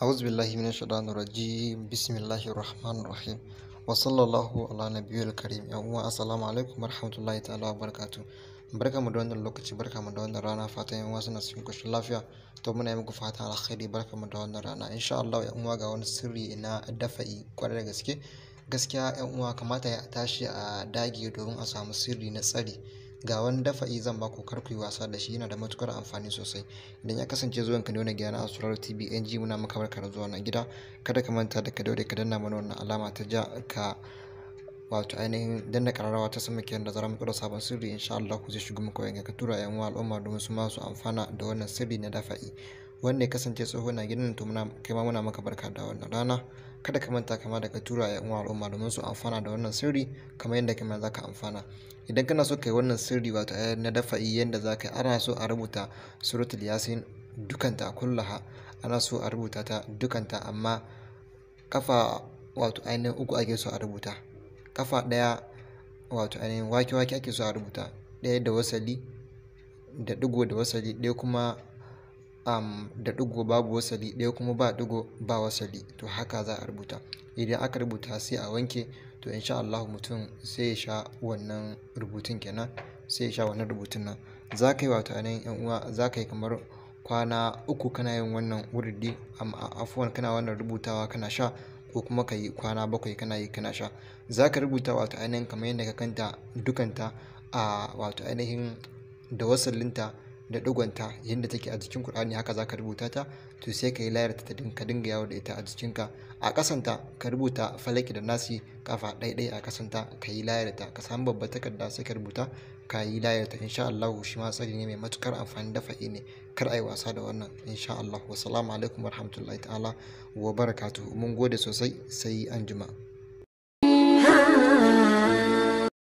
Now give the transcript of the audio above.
أعوذ بالله من الشيطان الرجيم بسم الله الرحمن الرحيم وصلى الله على نبي الكريم يا السلام عليكم ورحمة الله تعالى وبركاته barka mu da wannan lokaci barka mu da wannan rana fatan yan uwa suna cikin koshin lafiya to muna yi muku fatan alkhairi barka mu da wannan rana insha Allah yan uwa ga wani sirri na dafa'i kwarai da gaske gaskiya yan uwa kamata ya tashi a dage domin a samu sirri na tsari ga wani dafa'i zan baku kar ku yi wasa da shi yana da matukar amfani sosai idan ya kasance zuwan ka nuna wani gida na Asrar TV NG muna maka barkar zuwa na gida kada ka manta da ka daure ka danna mana wannan alama ta ja ka wato ainihin danna kararrawa ta sama kenan da zaran mu sabon sirri insha Allah ku zai shigo muku yanka ka tura yan al'umma domin su ma su amfana da wannan sirri na dafa'i wanda ya kasance tsoho na gidan to muna kai ma muna maka barka da wannan rana kada ka manta kama daga tura ya uwa al'umma domin su amfana da wannan sirri kamar yadda kamar za ka amfana idan kana so kai wannan sirri wato eh, na dafa'i yadda za ka yi ana so a rubuta suratul yasin dukanta kullaha ana so a rubuta ta dukanta amma kafa wato ainihin uku ake so a rubuta kafa ɗaya wato ainihin wake-wake ake so a rubuta ɗaya da wasali da digo da wasali ɗaya kuma um, da ɗigo babu wasali ɗaya kuma ba ɗigo ba wasali to haka za a rubuta idan aka rubuta sai a wanke to insha Allah mutum sai ya sha wannan rubutun kenan sai ya sha wannan rubutun nan za ka yi wato yan uwa za ka yi kamar kwana uku kana yin wannan wurdi afuwan kana wannan rubutawa kana sha ko kuma ka yi kwana bakwai kana yi kana sha za ka rubuta wato ainihin kamar yadda ka kanta dukanta a wato ainihin da wasallinta da digonta yadda take a jikin Kur'ani haka za ka rubuta ta to sai ka yi layar ta ka dinga yawo da ita a jikinka a kasanta ka rubuta falaki da nasi kafa ɗaiɗai a kasanta ka yi layar ta ka samu babbar takarda sai ka rubuta ka yi layar ta insha Allah shi ma tsari ne mai matukar amfani da fa'i ne kar a yi wasa da wannan insha Allah salamu alaikum warahmatullahi ta'ala wa barakatuhu mun gode sosai sai anjima